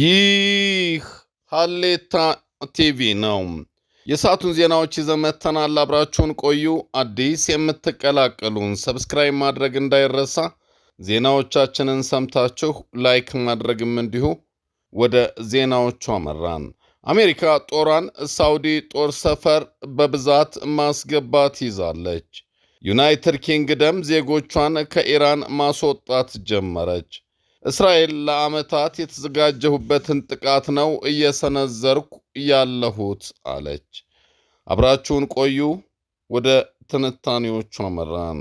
ይህ ሀሌታ ቲቪ ነው። የሰዓቱን ዜናዎች ይዘመተናል። አብራችሁን ቆዩ። አዲስ የምትቀላቀሉን ሰብስክራይብ ማድረግ እንዳይረሳ፣ ዜናዎቻችንን ሰምታችሁ ላይክ ማድረግም እንዲሁ። ወደ ዜናዎቹ አመራን። አሜሪካ ጦሯን ሳውዲ ጦር ሰፈር በብዛት ማስገባት ይዛለች። ዩናይትድ ኪንግደም ዜጎቿን ከኢራን ማስወጣት ጀመረች። እስራኤል ለዓመታት የተዘጋጀሁበትን ጥቃት ነው እየሰነዘርኩ ያለሁት አለች። አብራችሁን ቆዩ። ወደ ትንታኔዎቹ አመራን።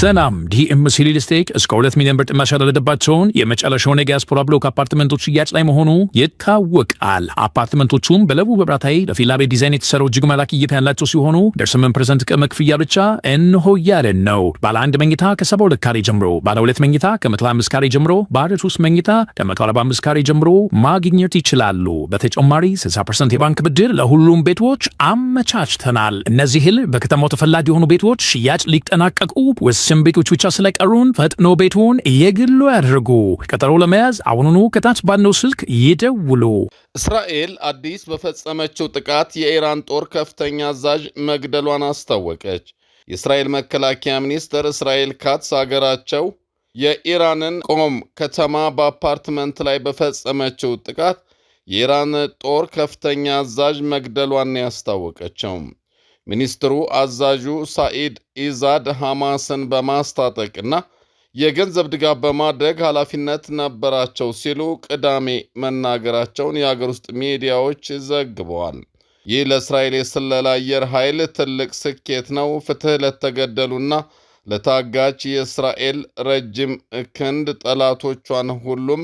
ሰላም ዲኤምሲ ሪል ስቴት እስከ 2 ሚሊዮን ብር ጥማሽ ያደረደባቸውን የመጨረሻውን የዲያስፖራ ብሎክ አፓርትመንቶች ሽያጭ ላይ መሆኑ ይታወቃል። አፓርትመንቶቹም በለቡ በብራታይ ለፊላ ቤት ዲዛይን የተሰራው እጅግ ማራኪ እይታ ያላቸው ሲሆኑ ደርስምን ፐርሰንት ቅድመ ክፍያ ብቻ እንሆ ያለን ነው። ባለ አንድ መኝታ ከ ካሬ ጀምሮ፣ ባለ ሁለት መኝታ ከ125 ካሬ ጀምሮ፣ ባለ ሶስት መኝታ ከ145 ካሬ ጀምሮ ማግኘት ይችላሉ። በተጨማሪ 60% የባንክ ብድር ለሁሉም ቤቶች አመቻችተናል። እነዚህ በከተማው ተፈላጊ የሆኑ ቤቶች ሽያጭ ሊጠናቀቁ ውስን ቤቶች ብቻ ስለቀሩን ፈጥኖ ቤቱን የግሉ ያድርጉ። ቀጠሮ ለመያዝ አሁኑኑ ከታች ባለው ስልክ ይደውሉ። እስራኤል አዲስ በፈጸመችው ጥቃት የኢራን ጦር ከፍተኛ አዛዥ መግደሏን አስታወቀች። የእስራኤል መከላከያ ሚኒስትር እስራኤል ካትስ አገራቸው የኢራንን ቆም ከተማ በአፓርትመንት ላይ በፈጸመችው ጥቃት የኢራን ጦር ከፍተኛ አዛዥ መግደሏን ያስታወቀቸው ሚኒስትሩ አዛዡ ሳኢድ ኢዛድ ሐማስን እና የገንዘብ ድጋፍ በማድረግ ኃላፊነት ነበራቸው ሲሉ ቅዳሜ መናገራቸውን የአገር ውስጥ ሚዲያዎች ዘግበዋል። ይህ ለእስራኤል የስለላ አየር ኃይል ትልቅ ስኬት ነው። ፍትህ ለተገደሉና ለታጋች የእስራኤል ረጅም ክንድ ጠላቶቿን ሁሉም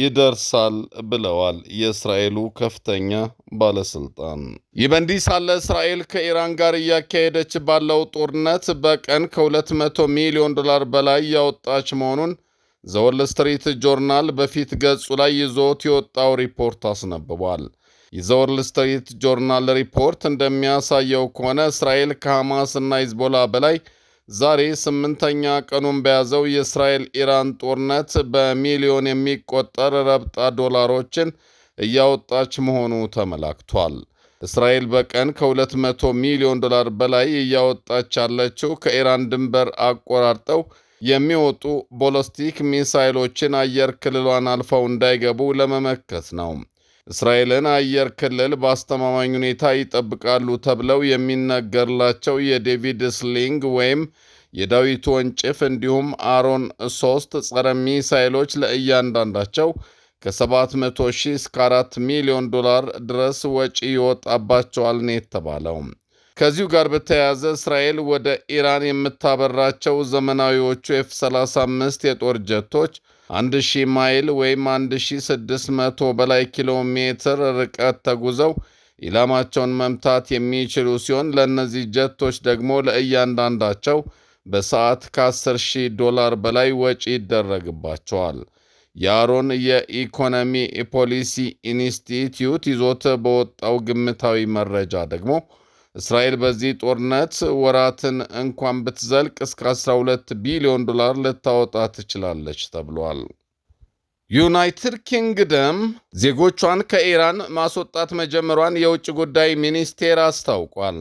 ይደርሳል ብለዋል የእስራኤሉ ከፍተኛ ባለስልጣን። ይህ በእንዲህ ሳለ እስራኤል ከኢራን ጋር እያካሄደች ባለው ጦርነት በቀን ከ200 ሚሊዮን ዶላር በላይ ያወጣች መሆኑን ዘወል ስትሪት ጆርናል በፊት ገጹ ላይ ይዞት የወጣው ሪፖርት አስነብቧል። የዘወል ስትሪት ጆርናል ሪፖርት እንደሚያሳየው ከሆነ እስራኤል ከሐማስ እና ሂዝቦላ በላይ ዛሬ ስምንተኛ ቀኑን በያዘው የእስራኤል ኢራን ጦርነት በሚሊዮን የሚቆጠር ረብጣ ዶላሮችን እያወጣች መሆኑ ተመላክቷል። እስራኤል በቀን ከ200 ሚሊዮን ዶላር በላይ እያወጣች ያለችው ከኢራን ድንበር አቆራርጠው የሚወጡ ቦሎስቲክ ሚሳይሎችን አየር ክልሏን አልፈው እንዳይገቡ ለመመከት ነው። እስራኤልን አየር ክልል በአስተማማኝ ሁኔታ ይጠብቃሉ ተብለው የሚነገርላቸው የዴቪድ ስሊንግ ወይም የዳዊት ወንጭፍ እንዲሁም አሮን ሶስት ጸረ ሚሳይሎች ለእያንዳንዳቸው ከ700 ሺህ እስከ 4 ሚሊዮን ዶላር ድረስ ወጪ ይወጣባቸዋል ነው የተባለው። ከዚሁ ጋር በተያያዘ እስራኤል ወደ ኢራን የምታበራቸው ዘመናዊዎቹ ኤፍ 35 የጦር ጀቶች አንድ ሺህ ማይል ወይም አንድ ሺህ ስድስት መቶ በላይ ኪሎ ሜትር ርቀት ተጉዘው ኢላማቸውን መምታት የሚችሉ ሲሆን ለእነዚህ ጀቶች ደግሞ ለእያንዳንዳቸው በሰዓት ከ10 ሺህ ዶላር በላይ ወጪ ይደረግባቸዋል። የአሮን የኢኮኖሚ ፖሊሲ ኢንስቲትዩት ይዞት በወጣው ግምታዊ መረጃ ደግሞ እስራኤል በዚህ ጦርነት ወራትን እንኳን ብትዘልቅ እስከ 12 ቢሊዮን ዶላር ልታወጣ ትችላለች ተብሏል። ዩናይትድ ኪንግደም ዜጎቿን ከኢራን ማስወጣት መጀመሯን የውጭ ጉዳይ ሚኒስቴር አስታውቋል።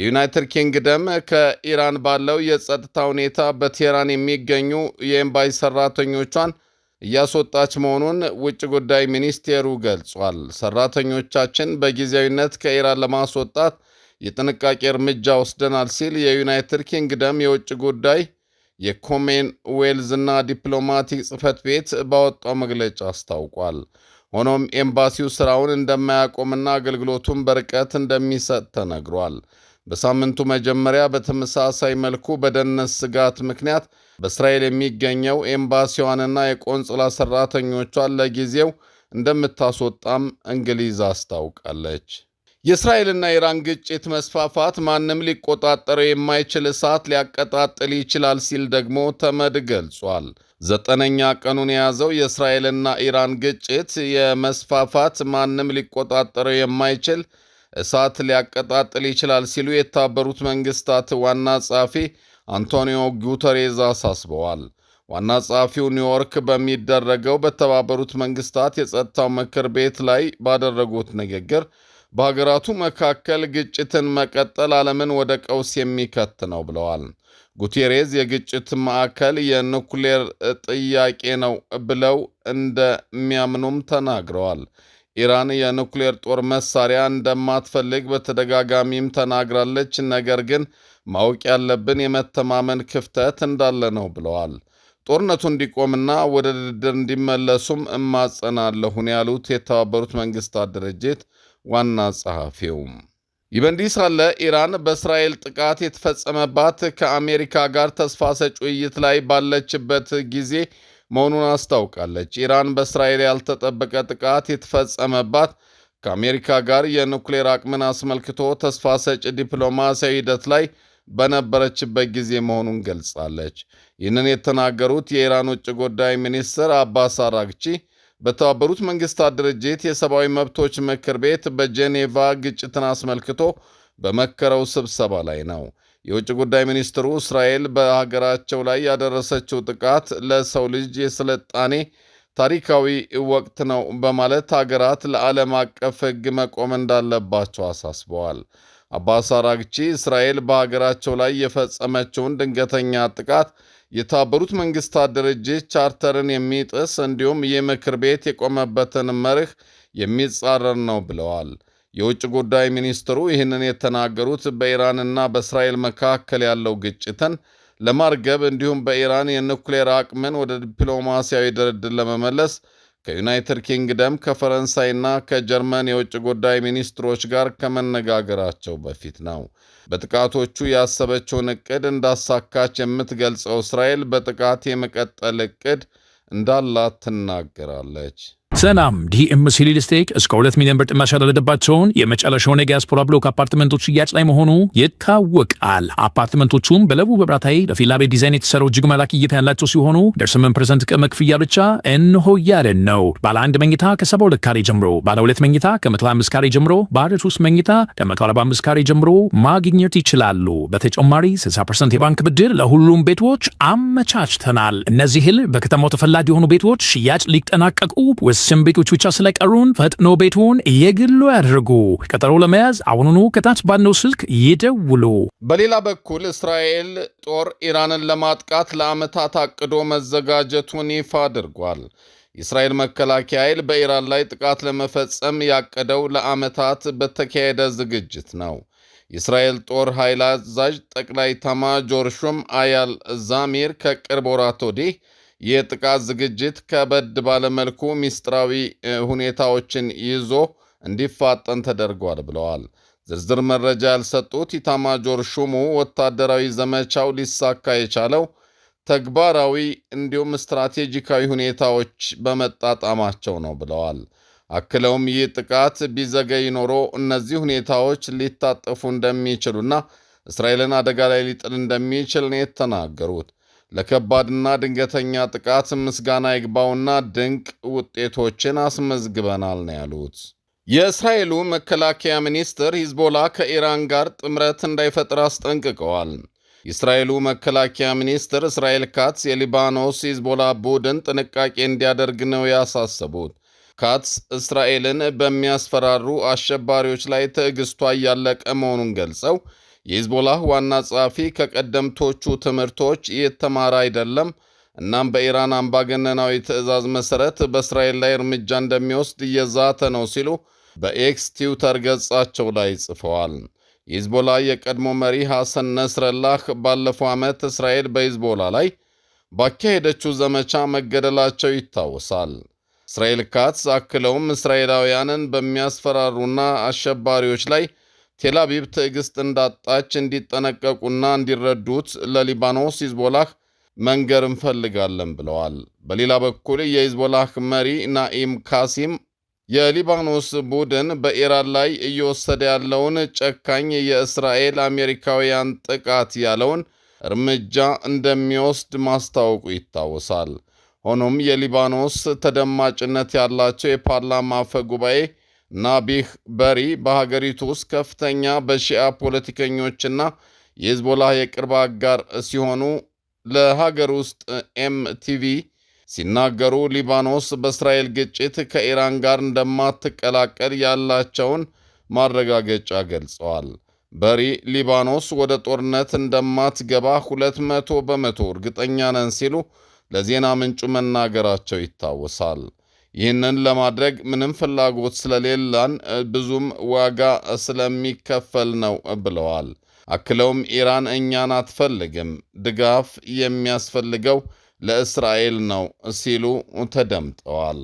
የዩናይትድ ኪንግደም ከኢራን ባለው የጸጥታ ሁኔታ በቴህራን የሚገኙ የኤምባሲ ሰራተኞቿን እያስወጣች መሆኑን ውጭ ጉዳይ ሚኒስቴሩ ገልጿል። ሰራተኞቻችን በጊዜያዊነት ከኢራን ለማስወጣት የጥንቃቄ እርምጃ ወስደናል ሲል የዩናይትድ ኪንግደም የውጭ ጉዳይ ዌልዝ እና ዲፕሎማቲክ ጽህፈት ቤት ባወጣው መግለጫ አስታውቋል። ሆኖም ኤምባሲው ስራውን እንደማያቆምና አገልግሎቱን በርቀት እንደሚሰጥ ተነግሯል። በሳምንቱ መጀመሪያ በተመሳሳይ መልኩ በደህንነት ስጋት ምክንያት በእስራኤል የሚገኘው ኤምባሲዋንና የቆንጽላ ሠራተኞቿን ለጊዜው እንደምታስወጣም እንግሊዝ አስታውቃለች። የእስራኤልና ኢራን ግጭት መስፋፋት ማንም ሊቆጣጠረው የማይችል እሳት ሊያቀጣጥል ይችላል ሲል ደግሞ ተመድ ገልጿል። ዘጠነኛ ቀኑን የያዘው የእስራኤልና ኢራን ግጭት የመስፋፋት ማንም ሊቆጣጠረው የማይችል እሳት ሊያቀጣጥል ይችላል ሲሉ የተባበሩት መንግስታት ዋና ጸሐፊ አንቶኒዮ ጉተሬዝ አሳስበዋል። ዋና ጸሐፊው ኒውዮርክ በሚደረገው በተባበሩት መንግስታት የጸጥታው ምክር ቤት ላይ ባደረጉት ንግግር በሀገራቱ መካከል ግጭትን መቀጠል ዓለምን ወደ ቀውስ የሚከት ነው ብለዋል። ጉቴሬዝ የግጭት ማዕከል የኑክሌር ጥያቄ ነው ብለው እንደሚያምኑም ተናግረዋል። ኢራን የኑክሌር ጦር መሳሪያ እንደማትፈልግ በተደጋጋሚም ተናግራለች። ነገር ግን ማወቅ ያለብን የመተማመን ክፍተት እንዳለ ነው ብለዋል። ጦርነቱ እንዲቆምና ወደ ድርድር እንዲመለሱም እማጸናለሁን ያሉት የተባበሩት መንግስታት ድርጅት ዋና ጸሐፊው። ይህ በእንዲህ ሳለ ኢራን በእስራኤል ጥቃት የተፈጸመባት ከአሜሪካ ጋር ተስፋ ሰጪ ውይይት ላይ ባለችበት ጊዜ መሆኑን አስታውቃለች። ኢራን በእስራኤል ያልተጠበቀ ጥቃት የተፈጸመባት ከአሜሪካ ጋር የኑክሌር አቅምን አስመልክቶ ተስፋ ሰጪ ዲፕሎማሲያዊ ሂደት ላይ በነበረችበት ጊዜ መሆኑን ገልጻለች። ይህንን የተናገሩት የኢራን ውጭ ጉዳይ ሚኒስትር አባስ አራግቺ በተባበሩት መንግስታት ድርጅት የሰብአዊ መብቶች ምክር ቤት በጄኔቫ ግጭትን አስመልክቶ በመከረው ስብሰባ ላይ ነው። የውጭ ጉዳይ ሚኒስትሩ እስራኤል በሀገራቸው ላይ ያደረሰችው ጥቃት ለሰው ልጅ የስልጣኔ ታሪካዊ ወቅት ነው በማለት ሀገራት ለዓለም አቀፍ ሕግ መቆም እንዳለባቸው አሳስበዋል። አባሳ አራግቺ እስራኤል በሀገራቸው ላይ የፈጸመችውን ድንገተኛ ጥቃት የተባበሩት መንግስታት ድርጅት ቻርተርን የሚጥስ እንዲሁም ይህ ምክር ቤት የቆመበትን መርህ የሚጻረር ነው ብለዋል። የውጭ ጉዳይ ሚኒስትሩ ይህንን የተናገሩት በኢራንና በእስራኤል መካከል ያለው ግጭትን ለማርገብ እንዲሁም በኢራን የኑክሌር አቅምን ወደ ዲፕሎማሲያዊ ድርድር ለመመለስ ከዩናይትድ ኪንግደም ከፈረንሳይና ከጀርመን የውጭ ጉዳይ ሚኒስትሮች ጋር ከመነጋገራቸው በፊት ነው። በጥቃቶቹ ያሰበችውን እቅድ እንዳሳካች የምትገልጸው እስራኤል በጥቃት የመቀጠል ዕቅድ እንዳላት ትናገራለች። ሰላም ዲኤምሲ ሪል ስቴት እስከ ሁለት ሚሊዮን ብር ጥማሽ ያደረገባቸውን የመጨረሻውን የዲያስፖራ ብሎክ አፓርትመንቶች ሽያጭ ላይ መሆኑ ይታወቃል። አፓርትመንቶቹም በለቡ በብራታይ ለፊላ ቤት ዲዛይን የተሰሩ እጅግ መላክ እይታ ያላቸው ሲሆኑ ደርስምን ፐርሰንት ቅድመ ክፍያ ብቻ እንሆ ያለን ነው። ባለ አንድ መኝታ ከ72 ካሬ ጀምሮ፣ ባለ ሁለት መኝታ ከ125 ካሬ ጀምሮ፣ ባለ ሶስት መኝታ ከ145 ካሬ ጀምሮ ማግኘት ይችላሉ። በተጨማሪ 60 ፐርሰንት የባንክ ብድር ለሁሉም ቤቶች አመቻችተናል። እነዚህን በከተማው ተፈላጊ የሆኑ ቤቶች ሽያጭ ሊጠናቀቁ ውስን ቤቶች ብቻ ስለቀሩን ፈጥኖ ቤቱን የግሉ ያድርጉ። ቀጠሮ ለመያዝ አሁኑኑ ከታች ባለው ስልክ ይደውሉ። በሌላ በኩል እስራኤል ጦር ኢራንን ለማጥቃት ለዓመታት አቅዶ መዘጋጀቱን ይፋ አድርጓል። የእስራኤል መከላከያ ኃይል በኢራን ላይ ጥቃት ለመፈጸም ያቀደው ለዓመታት በተካሄደ ዝግጅት ነው። የእስራኤል ጦር ኃይል አዛዥ ጠቅላይ ኤታማዦር ሹም አያል ዛሚር ከቅርብ ወራት ወዲህ የጥቃት ዝግጅት ከበድ ባለመልኩ ሚስጥራዊ ሁኔታዎችን ይዞ እንዲፋጠን ተደርጓል ብለዋል። ዝርዝር መረጃ ያልሰጡት ኢታማጆር ሹሙ ወታደራዊ ዘመቻው ሊሳካ የቻለው ተግባራዊ እንዲሁም ስትራቴጂካዊ ሁኔታዎች በመጣጣማቸው ነው ብለዋል። አክለውም ይህ ጥቃት ቢዘገይ ኖሮ እነዚህ ሁኔታዎች ሊታጠፉ እንደሚችሉና እስራኤልን አደጋ ላይ ሊጥል እንደሚችል ነው የተናገሩት። ለከባድና ድንገተኛ ጥቃት ምስጋና ይግባውና ድንቅ ውጤቶችን አስመዝግበናል ነው ያሉት። የእስራኤሉ መከላከያ ሚኒስትር ሂዝቦላ ከኢራን ጋር ጥምረት እንዳይፈጥር አስጠንቅቀዋል። የእስራኤሉ መከላከያ ሚኒስትር እስራኤል ካትስ የሊባኖስ ሂዝቦላ ቡድን ጥንቃቄ እንዲያደርግ ነው ያሳሰቡት። ካትስ እስራኤልን በሚያስፈራሩ አሸባሪዎች ላይ ትዕግስቷ እያለቀ መሆኑን ገልጸው የሂዝቦላህ ዋና ጸሐፊ ከቀደምቶቹ ትምህርቶች እየተማረ አይደለም፣ እናም በኢራን አምባገነናዊ ትዕዛዝ መሠረት በእስራኤል ላይ እርምጃ እንደሚወስድ እየዛተ ነው ሲሉ በኤክስ ቲውተር ገጻቸው ላይ ጽፈዋል። የሂዝቦላ የቀድሞ መሪ ሐሰን ነስረላህ ባለፈው ዓመት እስራኤል በሂዝቦላ ላይ ባካሄደችው ዘመቻ መገደላቸው ይታወሳል። እስራኤል ካትስ አክለውም እስራኤላውያንን በሚያስፈራሩና አሸባሪዎች ላይ ቴላቪብ ትዕግስት እንዳጣች እንዲጠነቀቁና እንዲረዱት ለሊባኖስ ሂዝቦላህ መንገር እንፈልጋለን ብለዋል። በሌላ በኩል የሂዝቦላህ መሪ ናኢም ካሲም የሊባኖስ ቡድን በኢራን ላይ እየወሰደ ያለውን ጨካኝ የእስራኤል አሜሪካውያን ጥቃት ያለውን እርምጃ እንደሚወስድ ማስታወቁ ይታወሳል። ሆኖም የሊባኖስ ተደማጭነት ያላቸው የፓርላማ አፈ ጉባኤ ናቢህ በሪ በሀገሪቱ ውስጥ ከፍተኛ በሺአ ፖለቲከኞችና የህዝቦላ የቅርብ አጋር ሲሆኑ ለሀገር ውስጥ ኤምቲቪ ሲናገሩ ሊባኖስ በእስራኤል ግጭት ከኢራን ጋር እንደማትቀላቀል ያላቸውን ማረጋገጫ ገልጸዋል። በሪ ሊባኖስ ወደ ጦርነት እንደማትገባ ሁለት መቶ በመቶ እርግጠኛ ነን ሲሉ ለዜና ምንጩ መናገራቸው ይታወሳል። ይህንን ለማድረግ ምንም ፍላጎት ስለሌለን ብዙም ዋጋ ስለሚከፈል ነው ብለዋል። አክለውም ኢራን እኛን አትፈልግም፣ ድጋፍ የሚያስፈልገው ለእስራኤል ነው ሲሉ ተደምጠዋል።